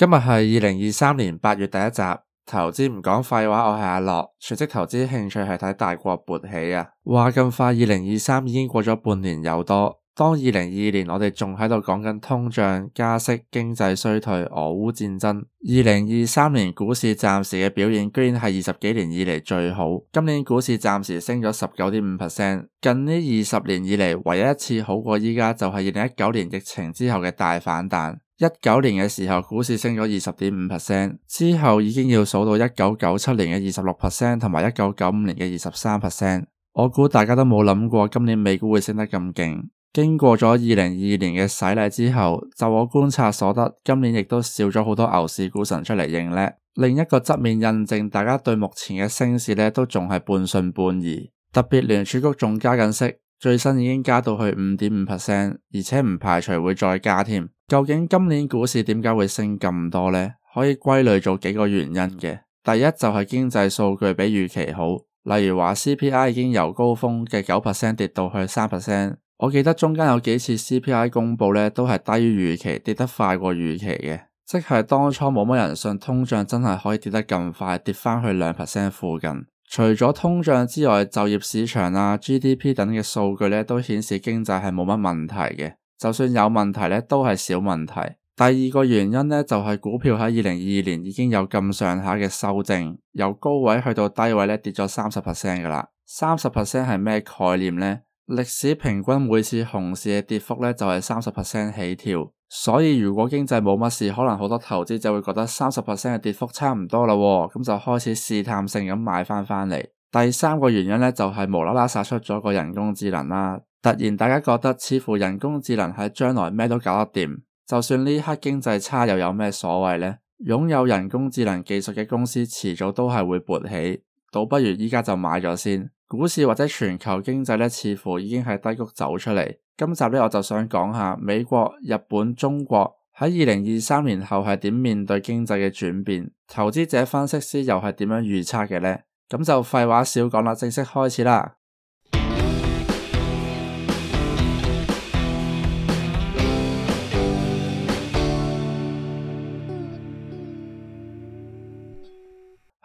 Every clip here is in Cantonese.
今日係二零二三年八月第一集，投資唔講廢話，我係阿樂，全職投資興趣係睇大國勃起啊！話咁快，二零二三已經過咗半年有多。當二零二二年我哋仲喺度講緊通脹、加息、經濟衰退、俄烏戰爭，二零二三年股市暫時嘅表現，居然係二十幾年以嚟最好。今年股市暫時升咗十九點五 percent，近呢二十年以嚟唯一一次好過依家，就係二零一九年疫情之後嘅大反彈。一九年嘅時候，股市升咗二十點五 percent，之後已經要數到一九九七年嘅二十六 percent，同埋一九九五年嘅二十三 percent。我估大家都冇諗過今年美股會升得咁勁。經過咗二零二二年嘅洗禮之後，就我觀察所得，今年亦都少咗好多牛市股神出嚟認叻。另一個側面印證，大家對目前嘅升市咧都仲係半信半疑。特別聯儲局仲加緊息，最新已經加到去五點五 percent，而且唔排除會再加添。究竟今年股市點解會升咁多呢？可以歸類做幾個原因嘅。第一就係經濟數據比預期好，例如話 CPI 已經由高峰嘅九 percent 跌到去三 percent。我記得中間有幾次 CPI 公佈咧，都係低於預期，跌得快過預期嘅，即係當初冇乜人信通脹真係可以跌得咁快，跌翻去兩 percent 附近。除咗通脹之外，就業市場啊、GDP 等嘅數據咧，都顯示經濟係冇乜問題嘅。就算有問題咧，都係小問題。第二個原因咧，就係、是、股票喺二零二二年已經有咁上下嘅修正，由高位去到低位咧跌咗三十 percent 噶啦。三十 percent 係咩概念咧？歷史平均每次熊市嘅跌幅咧就係三十 percent 起跳。所以如果經濟冇乜事，可能好多投資者會覺得三十 percent 嘅跌幅差唔多啦，咁就開始試探性咁買翻翻嚟。第三個原因咧就係、是、無啦啦殺出咗個人工智能啦。突然，大家覺得似乎人工智能喺將來咩都搞得掂，就算呢刻經濟差又有咩所謂呢？擁有人工智能技術嘅公司遲早都係會勃起，倒不如依家就買咗先。股市或者全球經濟呢，似乎已經喺低谷走出嚟。今集呢，我就想講下美國、日本、中國喺二零二三年後係點面對經濟嘅轉變，投資者分析師又係點樣預測嘅呢？咁就廢話少講啦，正式開始啦。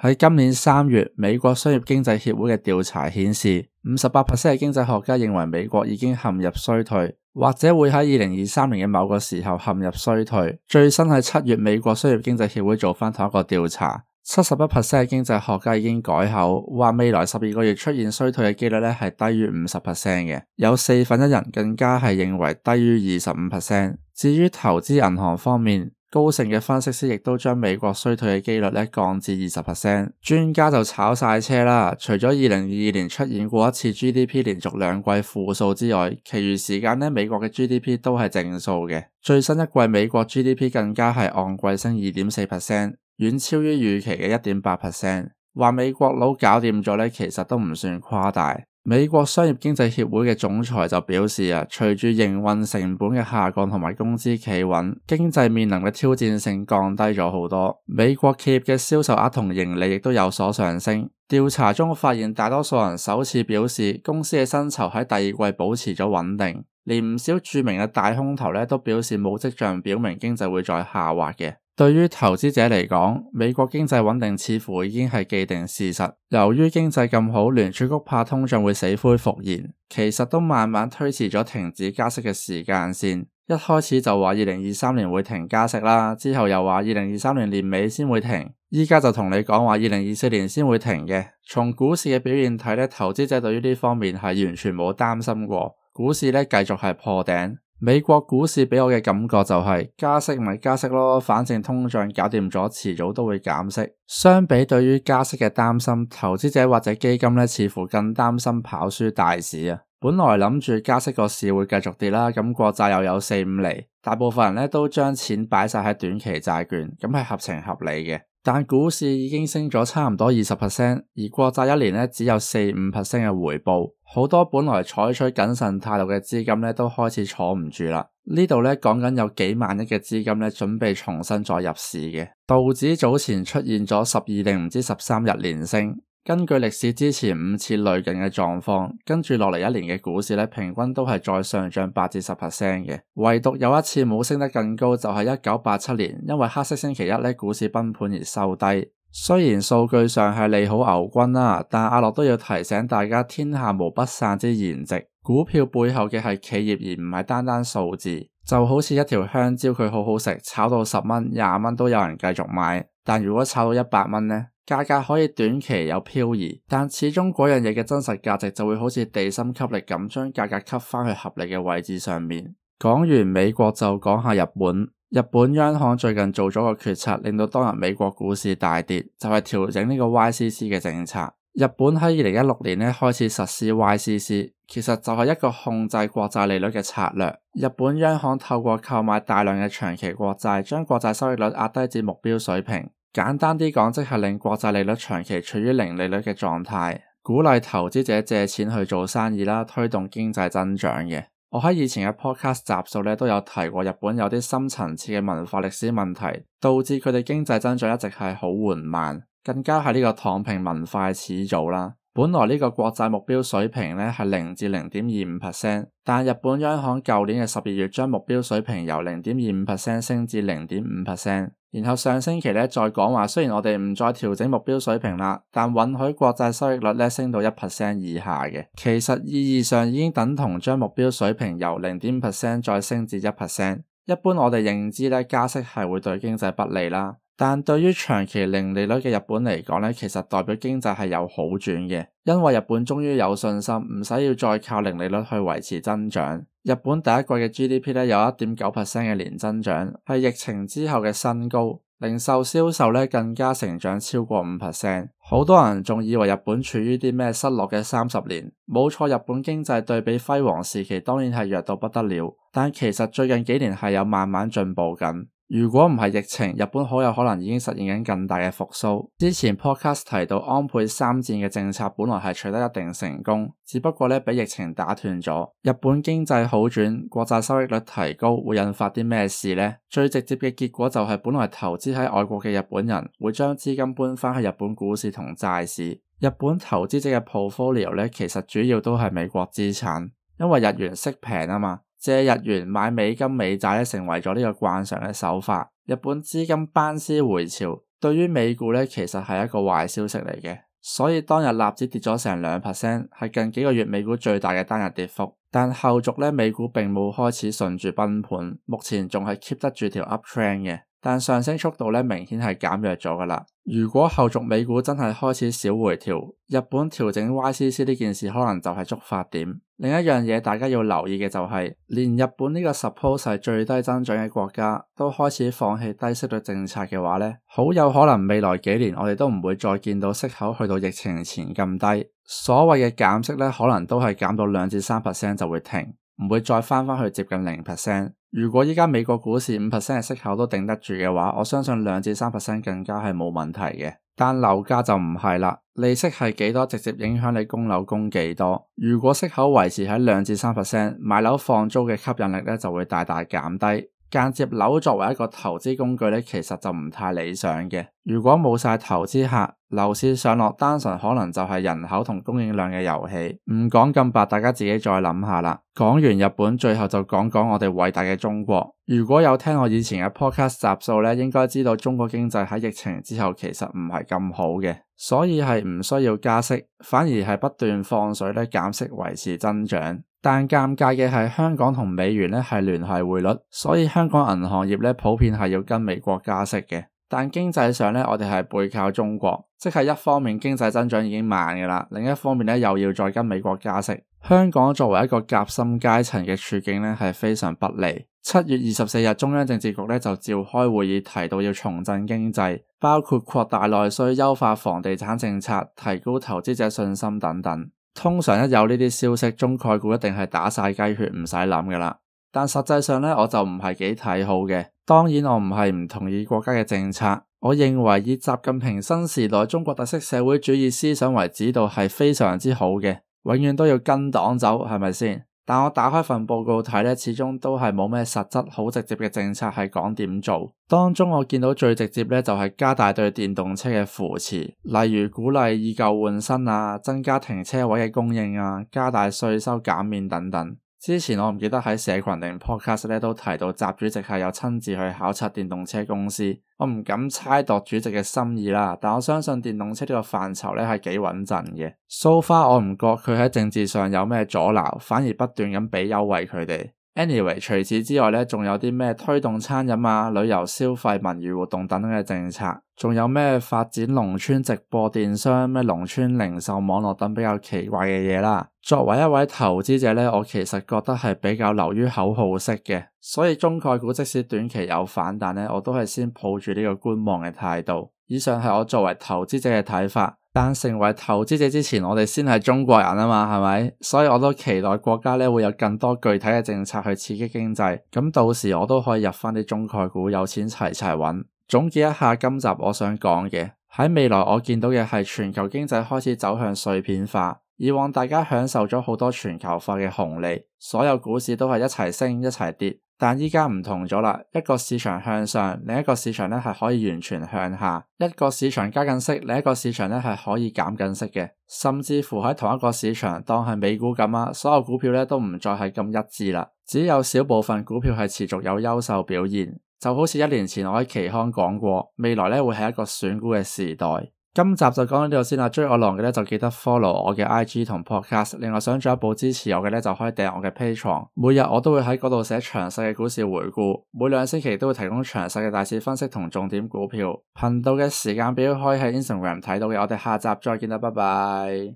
喺今年三月，美國商業經濟協會嘅調查顯示，五十八 percent 嘅經濟學家認為美國已經陷入衰退，或者會喺二零二三年嘅某個時候陷入衰退。最新喺七月，美國商業經濟協會做翻同一個調查，七十一 percent 嘅經濟學家已經改口，話未來十二個月出現衰退嘅幾率咧係低於五十 percent 嘅，有四分一人更加係認為低於二十五 percent。至於投資銀行方面。高盛嘅分析師亦都將美國衰退嘅機率咧降至二十 percent，專家就炒晒車啦。除咗二零二二年出現過一次 GDP 連續兩季負數之外，其餘時間咧美國嘅 GDP 都係正數嘅。最新一季美國 GDP 更加係按季升二點四 percent，遠超於預期嘅一點八 percent。話美國佬搞掂咗咧，其實都唔算誇大。美國商業經濟協會嘅總裁就表示啊，隨住營運成本嘅下降同埋工資企穩，經濟面臨嘅挑戰性降低咗好多。美國企業嘅銷售額同盈利亦都有所上升。調查中發現，大多數人首次表示公司嘅薪酬喺第二季保持咗穩定，連唔少著名嘅大空頭都表示冇跡象表明經濟會再下滑嘅。對於投資者嚟講，美國經濟穩定似乎已經係既定事實。由於經濟咁好，聯儲局怕通脹會死灰復燃，其實都慢慢推遲咗停止加息嘅時間線。一開始就話二零二三年會停加息啦，之後又話二零二三年年尾先會停，而家就同你講話二零二四年先會停嘅。從股市嘅表現睇呢，投資者對於呢方面係完全冇擔心過，股市呢繼續係破頂。美國股市俾我嘅感覺就係加息咪加息咯，反正通脹搞掂咗，遲早都會減息。相比對於加息嘅擔心，投資者或者基金呢，似乎更擔心跑輸大市啊。本來諗住加息個市會繼續跌啦，咁國債又有四五厘，大部分人呢都將錢擺晒喺短期債券，咁係合情合理嘅。但股市已經升咗差唔多二十 percent，而國債一年呢，只有四五 percent 嘅回報。好多本來採取謹慎態度嘅資金咧，都開始坐唔住啦。這裏呢度咧講緊有幾萬億嘅資金咧準備重新再入市嘅。道指早前出現咗十二定唔知十三日連升，根據歷史之前五次類近嘅狀況，跟住落嚟一年嘅股市咧平均都係再上漲八至十 percent 嘅，唯獨有一次冇升得更高，就係一九八七年，因為黑色星期一咧股市崩盤而收低。雖然數據上係利好牛軍啦，但阿樂都要提醒大家：天下無不散之筵席，股票背後嘅係企業而唔係單單數字。就好似一條香蕉，佢好好食，炒到十蚊、廿蚊都有人繼續買。但如果炒到一百蚊呢，價格可以短期有漂移，但始終嗰樣嘢嘅真實價值就會好似地心吸力咁，將價格吸翻去合理嘅位置上面。講完美國就講下日本。日本央行最近做咗個決策，令到當日美國股市大跌，就係調整呢個 YCC 嘅政策。日本喺二零一六年咧開始實施 YCC，其實就係一個控制國債利率嘅策略。日本央行透過購買大量嘅長期國債，將國債收益率壓低至目標水平。簡單啲講，即係令國債利率長期處於零利率嘅狀態，鼓勵投資者借錢去做生意啦，推動經濟增長嘅。我喺以前嘅 podcast 集數咧都有提過日本有啲深層次嘅文化歷史問題，導致佢哋經濟增長一直係好緩慢，更加係呢個躺平文化嘅始祖啦。本來呢個國債目標水平咧係零至零點二五 percent，但日本央行舊年嘅十二月將目標水平由零點二五 percent 升至零點五 percent，然後上星期咧再講話，雖然我哋唔再調整目標水平啦，但允許國債收益率咧升到一 percent 以下嘅，其實意義上已經等同將目標水平由零點五 percent 再升至一 percent。一般我哋認知咧加息係會對經濟不利啦。但對於長期零利率嘅日本嚟講呢，其實代表經濟係有好轉嘅，因為日本終於有信心，唔使要再靠零利率去維持增長。日本第一季嘅 GDP 呢，有一點九 percent 嘅年增長，係疫情之後嘅新高。零售銷售呢，更加成長超過五 percent。好多人仲以為日本處於啲咩失落嘅三十年，冇錯，日本經濟對比輝煌時期當然係弱到不得了，但其實最近幾年係有慢慢進步緊。如果唔係疫情，日本好有可能已經實現緊更大嘅復甦。之前 Podcast 提到安倍三戰嘅政策本來係取得一定成功，只不過呢，畀疫情打斷咗。日本經濟好轉，國債收益率提高，會引發啲咩事呢？最直接嘅結果就係本來投資喺外國嘅日本人會將資金搬翻去日本股市同債市。日本投資者嘅 portfolio 呢，其實主要都係美國資產，因為日元息平啊嘛。借日元買美金美債咧，成為咗呢個慣常嘅手法。日本資金班師回朝，對於美股咧，其實係一個壞消息嚟嘅。所以當日納指跌咗成兩 percent，係近幾個月美股最大嘅單日跌幅。但後續咧，美股並冇開始順住崩盤，目前仲係 keep 得住條 uptrend 嘅，但上升速度咧，明顯係減弱咗噶啦。如果後續美股真係開始小回調，日本調整 YCC 呢件事可能就係觸發點。另一樣嘢，大家要留意嘅就係、是，連日本呢個十 u p 最低增長嘅國家，都開始放棄低息率政策嘅話咧，好有可能未來幾年我哋都唔會再見到息口去到疫情前咁低。所謂嘅減息咧，可能都係減到兩至三 percent 就會停，唔會再翻翻去接近零 percent。如果依家美國股市五 percent 嘅息口都頂得住嘅話，我相信兩至三 percent 更加係冇問題嘅。但樓價就唔係啦，利息係幾多，直接影響你供樓供幾多。如果息口維持喺兩至三 percent，買樓放租嘅吸引力咧就會大大減低。間接樓作為一個投資工具咧，其實就唔太理想嘅。如果冇晒投資客，樓市上落單純可能就係人口同供應量嘅遊戲。唔講咁白，大家自己再諗下啦。講完日本，最後就講講我哋偉大嘅中國。如果有聽我以前嘅 Podcast 集數咧，應該知道中國經濟喺疫情之後其實唔係咁好嘅，所以係唔需要加息，反而係不斷放水咧，減息維持增長。但尷尬嘅係香港同美元呢，係聯繫匯率，所以香港銀行業呢，普遍係要跟美國加息嘅。但經濟上呢，我哋係背靠中國，即係一方面經濟增長已經慢嘅啦，另一方面呢，又要再跟美國加息。香港作為一個夾心階層嘅處境呢，係非常不利。七月二十四日中央政治局呢，就召開會議，提到要重振經濟，包括擴大內需、優化房地產政策、提高投資者信心等等。通常一有呢啲消息，中概股一定係打晒雞血，唔使諗噶啦。但實際上呢，我就唔係幾睇好嘅。當然我唔係唔同意國家嘅政策，我認為以習近平新時代中國特色社會主義思想為指導係非常之好嘅，永遠都要跟黨走，係咪先？但我打開份報告睇呢，始終都係冇咩實質好直接嘅政策係講點做。當中我見到最直接呢就係加大對電動車嘅扶持，例如鼓勵以舊換新啊，增加停車位嘅供應啊，加大稅收減免等等。之前我唔記得喺社群定 podcast 咧都提到習主席係有親自去考察電動車公司，我唔敢猜度主席嘅心意啦，但我相信電動車呢個範疇咧係幾穩陣嘅。So far，我唔覺佢喺政治上有咩阻撓，反而不斷咁畀優惠佢哋。Anyway，除此之外咧，仲有啲咩推動餐飲啊、旅遊消費、文娛活動等等嘅政策，仲有咩發展農村直播電商、咩農村零售網絡等比較奇怪嘅嘢啦。作為一位投資者咧，我其實覺得係比較流於口號式嘅，所以中概股即使短期有反彈咧，我都係先抱住呢個觀望嘅態度。以上係我作為投資者嘅睇法。但成為投資者之前，我哋先係中國人啊嘛，係咪？所以我都期待國家呢會有更多具體嘅政策去刺激經濟。咁到時我都可以入返啲中概股，有錢齊齊揾。總結一下今集我想講嘅，喺未來我見到嘅係全球經濟開始走向碎片化。以往大家享受咗好多全球化嘅紅利，所有股市都係一齊升，一齊跌。但依家唔同咗啦，一個市場向上，另一個市場咧係可以完全向下，一個市場加緊息，另一個市場咧係可以減緊息嘅，甚至乎喺同一個市場，當係美股咁啊，所有股票咧都唔再係咁一致啦，只有少部分股票係持續有優秀表現，就好似一年前我喺期刊講過，未來咧會係一個選股嘅時代。今集就講到呢度先啦，追我浪嘅咧就記得 follow 我嘅 IG 同 podcast，另外想進一步支持我嘅咧就可以訂我嘅 Patreon。每日我都會喺嗰度寫詳細嘅股市回顧，每兩星期都會提供詳細嘅大市分析同重點股票，頻道嘅時間表可以喺 Instagram 睇到嘅，我哋下集再見啦，拜拜。